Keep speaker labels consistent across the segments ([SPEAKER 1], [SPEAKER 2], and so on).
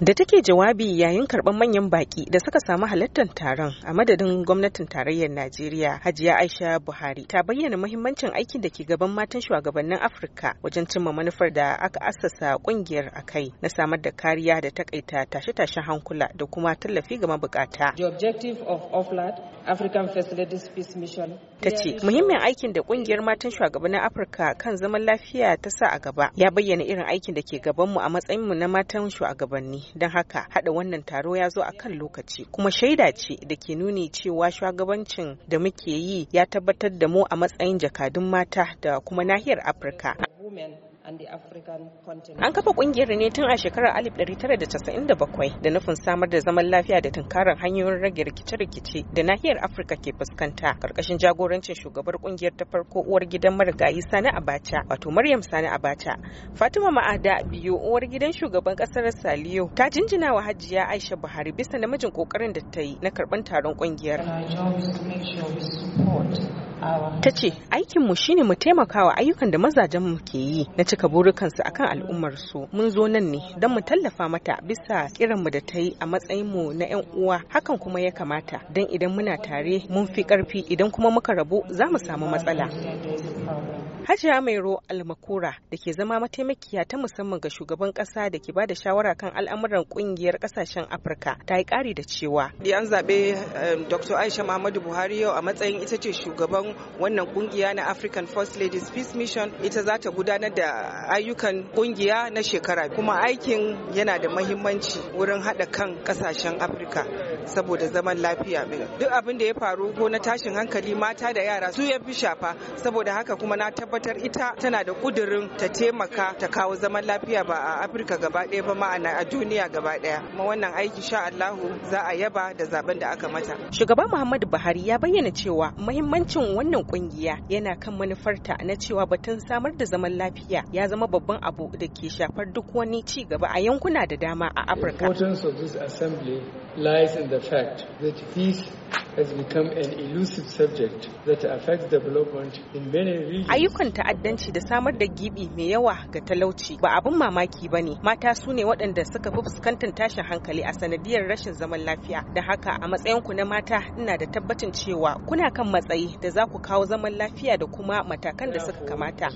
[SPEAKER 1] da take jawabi yayin karɓar manyan baƙi da suka samu halartar taron a madadin gwamnatin tarayyar najeriya hajiya aisha buhari ta bayyana muhimmancin aikin da ke gaban matan shugabannin afirka wajen cimma manufar da aka assasa kungiyar a kai na samar da kariya da takaita tashe-tashen hankula da kuma tallafi ga mabukata the of african facilities ta ce muhimmin aikin da kungiyar matan shugabannin afirka kan zaman lafiya ta sa a gaba ya bayyana irin aikin da ke gabanmu a matsayinmu na matan shugabanni don haka hada wannan taro ya zo a kan lokaci kuma shaida ce da ke nuni cewa shugabancin da muke yi ya tabbatar da mu a matsayin jakadun mata da kuma nahiyar afirka
[SPEAKER 2] An kafa kungiyar
[SPEAKER 1] ne tun a shekarar 1997 da nufin samar da zaman lafiya da tunkarar hanyoyin rage rikice-rikice da nahiyar Afirka ke fuskanta karkashin jagorancin shugabar kungiyar ta farko uwar gidan marigayi Sani Abacha wato Maryam Sani Abacha. Fatima Ma'ada biyu uwar gidan shugaban kasar Saliyo ta jinjina wa Hajiya Aisha Buhari bisa namijin kokarin da ta yi na karban taron kungiyar. Ta ce aikinmu shine mu taimaka wa ayyukan da mazajen mu ke yi na cika burukansu akan al'ummarsu mun zo nan ne don mu tallafa mata bisa kiranmu da ta yi a matsayinmu na 'yan uwa hakan kuma ya kamata don idan muna tare mun fi karfi idan kuma muka rabu za mu samu matsala Hajiya Mairo Almakura da ke zama mataimakiya ta musamman ga shugaban kasa da ke bada shawara kan al'amuran kungiyar kasashen Afirka ta yi kari da cewa.
[SPEAKER 2] An zaɓe eh, Dr. Aisha Muhammadu Buhari yau a matsayin ita ce shugaban wannan kungiya na African First Ladies Peace Mission ita za ta gudanar da ayyukan kungiya na shekara kuma aikin yana da mahimmanci wurin haɗa kan kasashen Afirka saboda zaman lafiya mai. Duk abin da ya faru ko na tashin hankali mata da yara su ya fi shafa saboda haka kuma na tabbatar tabbatar ita tana da kudirin ta taimaka ta kawo zaman lafiya ba a afirka gaba ɗaya ba ma'ana a duniya gaba ɗaya kuma wannan aiki sha allahu za a yaba da zaben da aka mata shugaba muhammadu buhari
[SPEAKER 1] ya bayyana cewa muhimmancin wannan kungiya yana kan manufarta na cewa batun samar da zaman lafiya ya zama babban abu da ke shafar duk wani ci gaba a yankuna da dama a afirka
[SPEAKER 2] has become an elusive subject that affects development in many regions.
[SPEAKER 1] Ayyukan ta'addanci da samar da gibi mai yawa ga talauci ba abin mamaki ba ne. Mata su ne waɗanda suka fi fuskantar tashin hankali a sanadiyar rashin zaman lafiya. Da haka a matsayinku na mata ina da tabbacin cewa kuna kan matsayi da za ku kawo zaman lafiya da kuma matakan da suka kamata.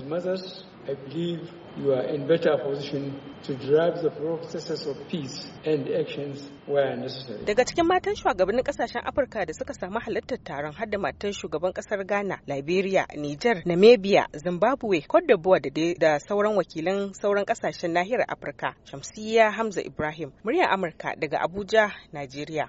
[SPEAKER 2] I believe you are in better position to drive the processes of peace and actions where necessary.
[SPEAKER 1] Daga cikin matan shugabannin kasashen Afirka da suka samu halartar taron hadda matan shugaban kasar Ghana, Liberia, Niger, Namibia, Zimbabwe, Cote d'Ivoire da sauran wakilan sauran kasashen nahiyar Afirka. Shamsiyya Hamza Ibrahim, muryar Amurka daga Abuja, Najeriya.